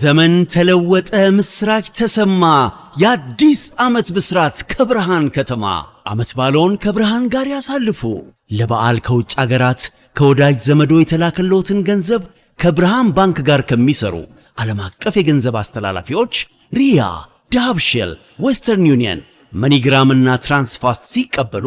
ዘመን ተለወጠ፣ ምስራች ተሰማ፣ የአዲስ ዓመት ብስራት ከብርሃን ከተማ። ዓመት ባለውን ከብርሃን ጋር ያሳልፉ። ለበዓል ከውጭ አገራት ከወዳጅ ዘመዶ የተላከለዎትን ገንዘብ ከብርሃን ባንክ ጋር ከሚሰሩ ዓለም አቀፍ የገንዘብ አስተላላፊዎች ሪያ፣ ዳሃብሽል፣ ዌስተርን ዩኒየን፣ መኒግራም እና ትራንስፋስት ሲቀበሉ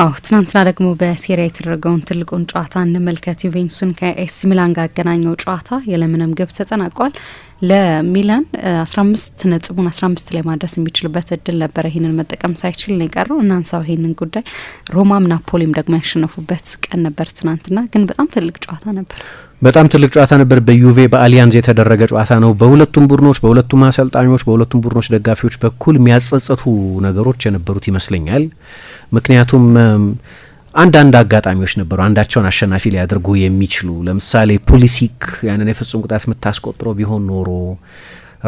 አዎ ትናንትና ደግሞ በሴሪያ የተደረገውን ትልቁን ጨዋታ እንመልከት። ዩቬንቱስን ከኤሲ ሚላን ጋር ያገናኘው ጨዋታ ያለምንም ግብ ተጠናቋል። ለሚላን 15 ነጥቡን 15 ላይ ማድረስ የሚችልበት እድል ነበረ። ይህንን መጠቀም ሳይችል ነው የቀረው። እናንሳው ይህንን ጉዳይ። ሮማም ናፖሊም ደግሞ ያሸነፉበት ቀን ነበር ትናንትና። ግን በጣም ትልቅ ጨዋታ ነበር። በጣም ትልቅ ጨዋታ ነበር። በዩቬ በአሊያንዝ የተደረገ ጨዋታ ነው። በሁለቱም ቡድኖች፣ በሁለቱም አሰልጣኞች፣ በሁለቱም ቡድኖች ደጋፊዎች በኩል የሚያጸጸቱ ነገሮች የነበሩት ይመስለኛል። ምክንያቱም አንዳንድ አጋጣሚዎች ነበሩ አንዳቸውን አሸናፊ ሊያደርጉ የሚችሉ ለምሳሌ ፑሊሲክ ያንን የፍጹም ቅጣት የምታስቆጥሮ ቢሆን ኖሮ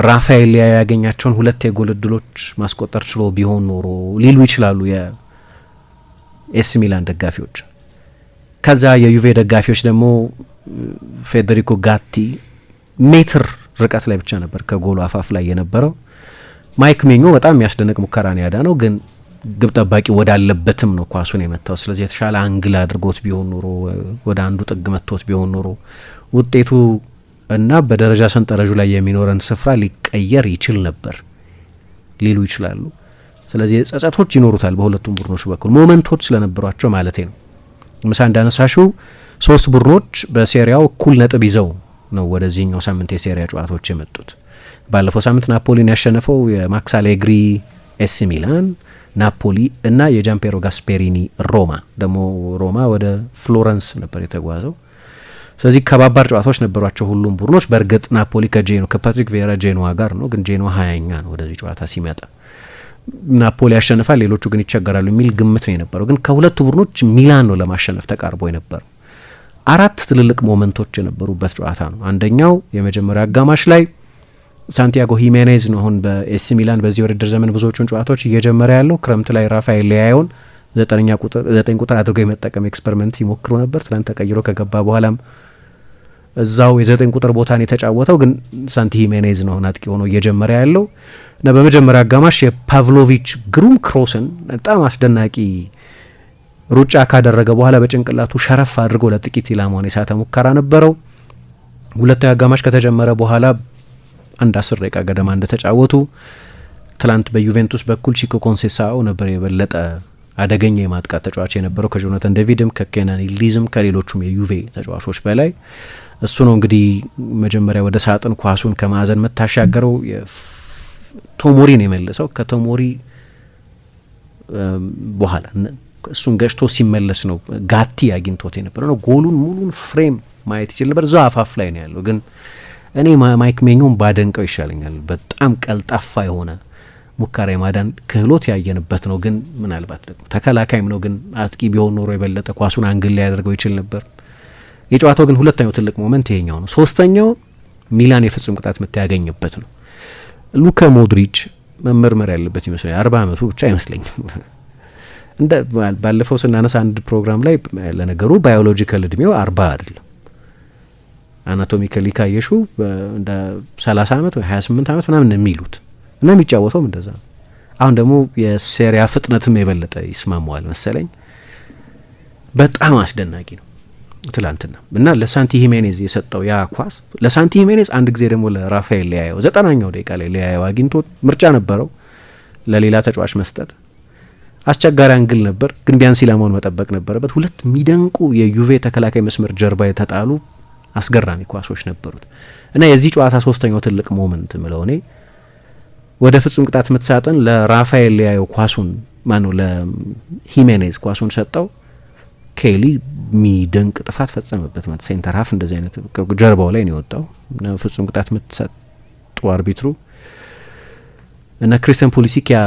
ራፋኤል ሊያ ያገኛቸውን ሁለት የጎል እድሎች ማስቆጠር ችሎ ቢሆን ኖሮ ሊሉ ይችላሉ የኤስ ሚላን ደጋፊዎች። ከዛ የዩቬ ደጋፊዎች ደግሞ ፌዴሪኮ ጋቲ ሜትር ርቀት ላይ ብቻ ነበር ከጎሉ አፋፍ ላይ የነበረው። ማይክ ሜኞ በጣም የሚያስደንቅ ሙከራን ያዳ ነው ግን ግብ ጠባቂ ወዳለበትም ነው ኳሱን የመታው። ስለዚህ የተሻለ አንግል አድርጎት ቢሆን ኑሮ ወደ አንዱ ጥግ መጥቶት ቢሆን ኖሮ ውጤቱ እና በደረጃ ሰንጠረዡ ላይ የሚኖረን ስፍራ ሊቀየር ይችል ነበር ሊሉ ይችላሉ። ስለዚህ ጸጸቶች ይኖሩታል በሁለቱም ቡድኖች በኩል ሞመንቶች ስለነበሯቸው ማለቴ ነው። ምሳ እንዳነሳሹ ሶስት ቡድኖች በሴሪያው እኩል ነጥብ ይዘው ነው ወደዚህኛው ሳምንት የሴሪያ ጨዋታዎች የመጡት። ባለፈው ሳምንት ናፖሊን ያሸነፈው የማክስ አሌግሪ ኤሲ ሚላን ናፖሊ እና የጃምፔሮ ጋስፔሪኒ ሮማ ደግሞ ሮማ ወደ ፍሎረንስ ነበር የተጓዘው። ስለዚህ ከባባር ጨዋታዎች ነበሯቸው ሁሉም ቡድኖች። በእርግጥ ናፖሊ ከጄኖ ከፓትሪክ ቬራ ጄኖዋ ጋር ነው፣ ግን ጄኖዋ ሀያኛ ነው ወደዚህ ጨዋታ ሲመጣ። ናፖሊ ያሸንፋል፣ ሌሎቹ ግን ይቸገራሉ የሚል ግምት ነው የነበረው። ግን ከሁለቱ ቡድኖች ሚላን ነው ለማሸነፍ ተቃርቦ የነበረው። አራት ትልልቅ ሞመንቶች የነበሩበት ጨዋታ ነው። አንደኛው የመጀመሪያ አጋማሽ ላይ ሳንቲያጎ ሂሜኔዝ ነው አሁን በኤሲ ሚላን በዚህ ውድድር ዘመን ብዙዎቹን ጨዋታዎች እየጀመረ ያለው። ክረምት ላይ ራፋኤል ሊያየውን ዘጠነኛ ቁጥር ዘጠኝ ቁጥር አድርጎ የመጠቀም ኤክስፐሪመንት ሲሞክሩ ነበር። ትናንት ተቀይሮ ከገባ በኋላም እዛው የዘጠኝ ቁጥር ቦታን የተጫወተው ግን ሳንቲ ሂሜኔዝ ነው አሁን አጥቂ ሆኖ እየጀመረ ያለው እና በመጀመሪያ አጋማሽ የፓቭሎቪች ግሩም ክሮስን በጣም አስደናቂ ሩጫ ካደረገ በኋላ በጭንቅላቱ ሸረፍ አድርጎ ለጥቂት ኢላማውን የሳተ ሙከራ ነበረው። ሁለተኛ አጋማሽ ከተጀመረ በኋላ አንድ አስር ደቂቃ ገደማ እንደተጫወቱ ትላንት በዩቬንቱስ በኩል ቺኮ ኮንሴሳኦ ነበር የበለጠ አደገኛ የማጥቃት ተጫዋች የነበረው ከጆናተን ዴቪድም ከኬናን ሊዝም ከሌሎቹም የዩቬ ተጫዋቾች በላይ እሱ ነው እንግዲህ መጀመሪያ ወደ ሳጥን ኳሱን ከማዕዘን መታሻገረው ቶሞሪ የመለሰው ከቶሞሪ በኋላ እሱን ገጭቶ ሲመለስ ነው ጋቲ አግኝቶት የነበረ ነው። ጎሉን ሙሉን ፍሬም ማየት ይችል ነበር። እዛ አፋፍ ላይ ነው ያለው ግን እኔ ማይክ ሜኞን ባደንቀው ይሻለኛል። በጣም ቀልጣፋ የሆነ ሙከራ የማዳን ክህሎት ያየንበት ነው። ግን ምናልባት ደግሞ ተከላካይም ነው። ግን አጥቂ ቢሆን ኖሮ የበለጠ ኳሱን አንግል ሊያደርገው ያደርገው ይችል ነበር። የጨዋታው ግን ሁለተኛው ትልቅ ሞመንት ይሄኛው ነው። ሶስተኛው ሚላን የፍጹም ቅጣት ምት ያገኘበት ነው። ሉካ ሞድሪች መመርመር ያለበት ይመስለኛል። አርባ አመቱ ብቻ አይመስለኝም። እንደ ባለፈው ስናነሳ አንድ ፕሮግራም ላይ ለነገሩ ባዮሎጂካል እድሜው አርባ አይደለም አናቶሚካሊ ካየሹ እንደ 30 ዓመት ወይ 28 ዓመት ምናምን የሚሉት እና የሚጫወተውም እንደዛ ነው። አሁን ደግሞ የሴሪያ ፍጥነትም የበለጠ ይስማማዋል መሰለኝ። በጣም አስደናቂ ነው። ትላንትና እና ለሳንቲ ሂሜኔዝ የሰጠው ያ ኳስ ለሳንቲ ሂሜኔዝ አንድ ጊዜ ደግሞ ለራፋኤል ሊያየው ዘጠናኛው ደቂቃ ላይ ሊያየው አግኝቶ ምርጫ ነበረው ለሌላ ተጫዋች መስጠት አስቸጋሪ አንግል ነበር፣ ግን ቢያንስ ኢላማውን መጠበቅ ነበረበት። ሁለት የሚደንቁ የዩቬ ተከላካይ መስመር ጀርባ የተጣሉ አስገራሚ ኳሶች ነበሩት እና የዚህ ጨዋታ ሶስተኛው ትልቅ ሞመንት ምለው እኔ ወደ ፍጹም ቅጣት ምት ሳጥን ለራፋኤል ሊያዮ ኳሱን ማኑ ለሂሜኔዝ ኳሱን ሰጠው። ኬሊ ሚደንቅ ጥፋት ፈጸመበት። ማለት ሴንተር ሀፍ እንደዚህ አይነት ጀርባው ላይ ነው የወጣው ፍጹም ቅጣት ምት ሰጡ አርቢትሩ እና ክሪስቲያን ፖሊሲክ ያ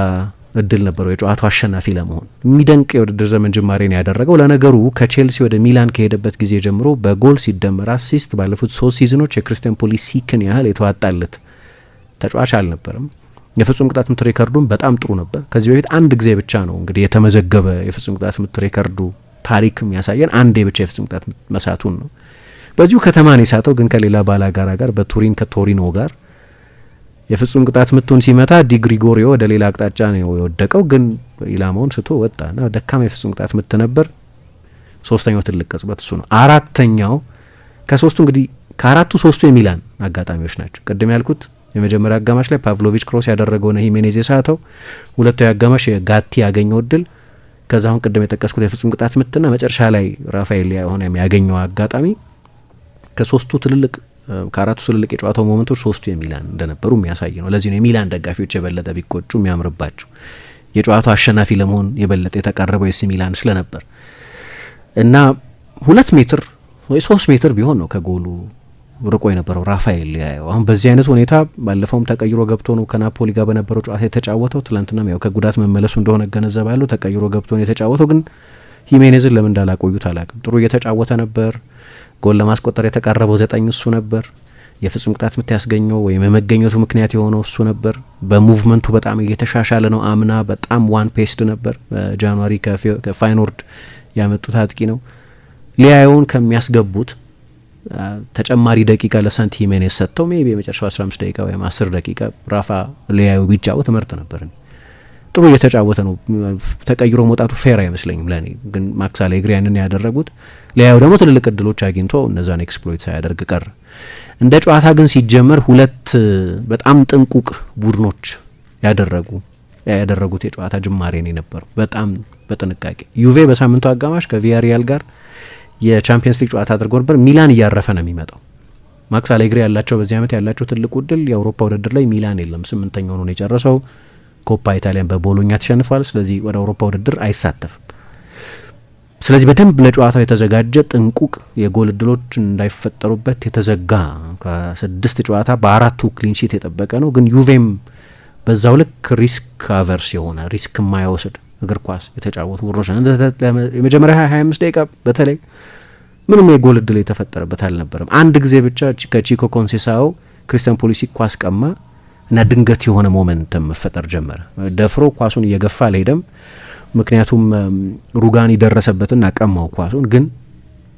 እድል ነበረው የጨዋታው አሸናፊ ለመሆን። የሚደንቅ የውድድር ዘመን ጅማሬን ያደረገው ለነገሩ ከቼልሲ ወደ ሚላን ከሄደበት ጊዜ ጀምሮ በጎል ሲደመር አሲስት ባለፉት ሶስት ሲዝኖች የክርስቲያን ፖሊሲክን ያህል የተዋጣለት ተጫዋች አልነበረም። የፍጹም ቅጣት ምት ሬከርዱም በጣም ጥሩ ነበር። ከዚህ በፊት አንድ ጊዜ ብቻ ነው እንግዲህ የተመዘገበ የፍጹም ቅጣት ምት ሬከርዱ ታሪክ የሚያሳየን አንዴ ብቻ የፍጹም ቅጣት መሳቱን ነው። በዚሁ ከተማን የሳተው ግን ከሌላ ባላጋራ ጋር በቱሪን ከቶሪኖ ጋር የፍጹም ቅጣት ምቱን ሲመታ ዲግሪጎሪዮ ወደ ሌላ አቅጣጫ ነው የወደቀው፣ ግን ኢላማውን ስቶ ወጣና ደካማ የፍጹም ቅጣት ምት ነበር። ሶስተኛው ትልቅ ቅጽበት እሱ ነው። አራተኛው ከሶስቱ እንግዲህ ከአራቱ ሶስቱ የሚላን አጋጣሚዎች ናቸው። ቅድም ያልኩት የመጀመሪያ አጋማሽ ላይ ፓቭሎቪች ክሮስ ነው ሂሜኔዝ የሳተው፣ ሁለተኛው አጋማሽ ጋቲ ያገኘው እድል፣ ከዛ አሁን ቅድም የጠቀስኩት የፍጹም ቅጣት ምትና መጨረሻ ላይ ራፋኤል ሊያ ያገኘው አጋጣሚ ከሶስቱ ትልልቅ ከአራቱ ትልልቅ የጨዋታው ሞመንቶች ሶስቱ የሚላን እንደነበሩ የሚያሳይ ነው። ለዚህ ነው የሚላን ደጋፊዎች የበለጠ ቢቆጩ የሚያምርባቸው የጨዋታው አሸናፊ ለመሆን የበለጠ የተቃረበው የሲ ሚላን ስለነበር እና ሁለት ሜትር ወይ ሶስት ሜትር ቢሆን ነው ከጎሉ ርቆ የነበረው ራፋኤል ያየው። አሁን በዚህ አይነት ሁኔታ ባለፈውም ተቀይሮ ገብቶ ነው ከናፖሊ ጋር በነበረው ጨዋታ የተጫወተው። ትላንትናም ያው ከጉዳት መመለሱ እንደሆነ እገነዘባለሁ። ተቀይሮ ገብቶ ነው የተጫወተው። ግን ሂሜኔዝን ለምን እንዳላቆዩት አላቅም። ጥሩ እየተጫወተ ነበር። ጎል ለማስቆጠር የተቃረበው ዘጠኝ እሱ ነበር። የፍጹም ቅጣት ምት ያስገኘው ወይም የመገኘቱ ምክንያት የሆነው እሱ ነበር። በሙቭመንቱ በጣም እየተሻሻለ ነው። አምና በጣም ዋን ፔስድ ነበር። በጃንዋሪ ከፋይኖርድ ያመጡት አጥቂ ነው። ሊያየውን ከሚያስገቡት ተጨማሪ ደቂቃ ለሳንቲ ሂሜኔስ ሰጥተው ሜቢ የመጨረሻው 15 ደቂቃ ወይም 10 ደቂቃ ራፋ ሊያዩ ቢጫወት ምርጥ ነበር። ጥሩ እየተጫወተ ነው። ተቀይሮ መውጣቱ ፌር አይመስለኝም ለእኔ ግን ማክስ አሌግሪ ያንን ያደረጉት ሊያዩ ደግሞ ትልልቅ እድሎች አግኝቶ እነዛን ኤክስፕሎይት ሳያደርግ ቀር። እንደ ጨዋታ ግን ሲጀመር ሁለት በጣም ጥንቁቅ ቡድኖች ያደረጉ ያደረጉት የጨዋታ ጅማሬ ነው የነበረው። በጣም በጥንቃቄ ዩቬ በሳምንቱ አጋማሽ ከቪያሪያል ጋር የቻምፒየንስ ሊግ ጨዋታ አድርጎ ነበር። ሚላን እያረፈ ነው የሚመጣው። ማክስ አሌግሪ ያላቸው በዚህ ዓመት ያላቸው ትልቁ እድል የአውሮፓ ውድድር ላይ ሚላን የለም፣ ስምንተኛው ነው የጨረሰው። ኮፓ ኢታሊያን በቦሎኛ ተሸንፏል። ስለዚህ ወደ አውሮፓ ውድድር አይሳተፍም። ስለዚህ በደንብ ለጨዋታው የተዘጋጀ ጥንቁቅ የጎል እድሎች እንዳይፈጠሩበት የተዘጋ ከስድስት ጨዋታ በአራቱ ክሊንሺት የጠበቀ ነው። ግን ዩቬም በዛው ልክ ሪስክ አቨርስ የሆነ ሪስክ የማይወስድ እግር ኳስ የተጫወቱ ቡድኖች የመጀመሪያ ሀያ አምስት ደቂቃ በተለይ ምንም የጎል እድል የተፈጠረበት አልነበረም። አንድ ጊዜ ብቻ ከቺኮ ኮንሴሳው ክሪስቲያን ፖሊሲክ ኳስ ቀማ እና ድንገት የሆነ ሞመንተም መፈጠር ጀመረ። ደፍሮ ኳሱን እየገፋ አልሄደም። ምክንያቱም ሩጋን የደረሰበትን አቀማው ኳሱን ግን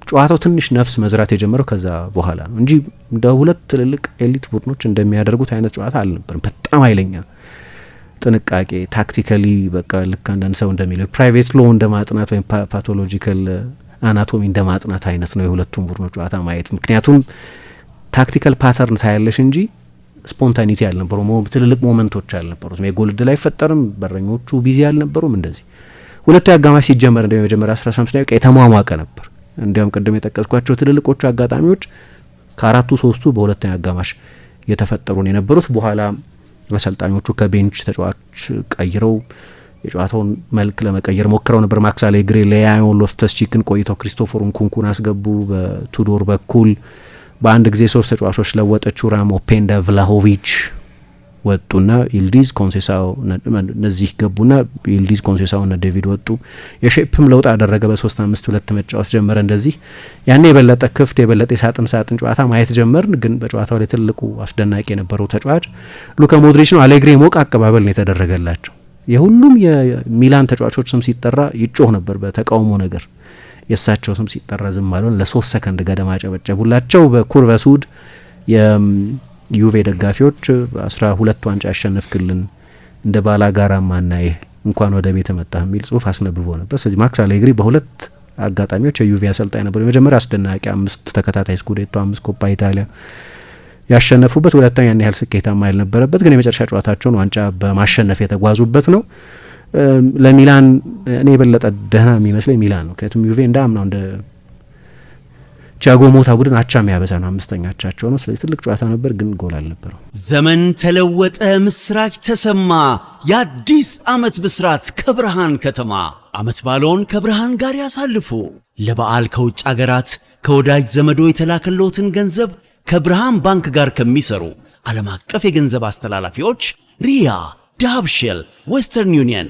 ጨዋታው ትንሽ ነፍስ መዝራት የጀመረው ከዛ በኋላ ነው እንጂ እንደ ሁለት ትልልቅ ኤሊት ቡድኖች እንደሚያደርጉት አይነት ጨዋታ አልነበርም። በጣም ኃይለኛ ጥንቃቄ ታክቲካሊ፣ በቃ ልክ አንዳንድ ሰው እንደሚለው ፕራይቬት ሎ እንደ ማጥናት ወይም ፓቶሎጂካል አናቶሚ እንደ ማጥናት አይነት ነው የሁለቱም ቡድኖች ጨዋታ ማየት። ምክንያቱም ታክቲካል ፓተርን ታያለሽ እንጂ ስፖንታኒቲ አልነበሩም። ትልልቅ ሞመንቶች አልነበሩትም። የጎል እድል አይፈጠርም። በረኞቹ ቢዚ አልነበሩም። እንደዚህ ሁለቱ አጋማሽ ሲጀመር እንደ የመጀመሪያ 15 ደቂቃ የተሟሟቀ ነበር። እንዲያውም ቅድም የጠቀስኳቸው ትልልቆቹ አጋጣሚዎች ከአራቱ ሶስቱ በሁለተኛ አጋማሽ የተፈጠሩ ነው የነበሩት። በኋላ አሰልጣኞቹ ከቤንች ተጫዋች ቀይረው የጨዋታውን መልክ ለመቀየር ሞክረው ነበር። ማክሳሌ ግሬ ሌያዮን ሎፍተስ ቺክን ቆይተው ክሪስቶፈሩን ኩንኩን አስገቡ በቱዶር በኩል በአንድ ጊዜ ሶስት ተጫዋቾች ለወጠችው። ራሞፔንዳ ቭላሆቪች ወጡና ኢልዲዝ ኮንሴሳው እነዚህ ገቡና ኢልዲዝ ኮንሴሳው ና ዴቪድ ወጡ። የሼፕም ለውጥ አደረገ። በሶስት አምስት ሁለት መጫወት ጀመረ። እንደዚህ ያኔ የበለጠ ክፍት የበለጠ የሳጥን ሳጥን ጨዋታ ማየት ጀመርን። ግን በጨዋታው ላይ ትልቁ አስደናቂ የነበረው ተጫዋች ሉካ ሞድሪች ነው። አሌግሪ ሞቅ አቀባበል ነው የተደረገላቸው። የሁሉም የሚላን ተጫዋቾች ስም ሲጠራ ይጮህ ነበር በተቃውሞ ነገር የእሳቸው ስም ሲጠራ ዝም ለሶስት ሰከንድ ገደማ ጨበጨቡላቸው። በኩርቨ ሱድ የዩቬ ደጋፊዎች አስራ ሁለት ዋንጫ ያሸነፍክልን እንደ ባላጋራ ማናይህ እንኳን ወደ ቤት መጣህ የሚል ጽሁፍ አስነብቦ ነበር። ስለዚህ ማክስ አሌግሪ በሁለት አጋጣሚዎች የዩቬ አሰልጣኝ ነበሩ። የመጀመሪያ አስደናቂ አምስት ተከታታይ ስኩዴቶ፣ አምስት ኮፓ ኢታሊያ ያሸነፉበት፣ ሁለተኛ ያን ያህል ስኬታማ ያልነበረበት ግን የመጨረሻ ጨዋታቸውን ዋንጫ በማሸነፍ የተጓዙበት ነው። ለሚላን እኔ የበለጠ ደህና የሚመስለኝ ሚላን ነው። ምክንያቱም ዩቬ እንደ አምናው እንደ ቲያጎ ሞታ ቡድን አቻ የሚያበዛ ነው። አምስተኛ አቻቸው ነው። ስለዚህ ትልቅ ጨዋታ ነበር፣ ግን ጎል አልነበረው። ዘመን ተለወጠ፣ ምስራች ተሰማ። የአዲስ ዓመት ብስራት ከብርሃን ከተማ። ዓመት ባለውን ከብርሃን ጋር ያሳልፉ። ለበዓል ከውጭ አገራት ከወዳጅ ዘመዶ የተላከለትን ገንዘብ ከብርሃን ባንክ ጋር ከሚሰሩ ዓለም አቀፍ የገንዘብ አስተላላፊዎች ሪያ፣ ዳብሽል፣ ዌስተርን ዩኒየን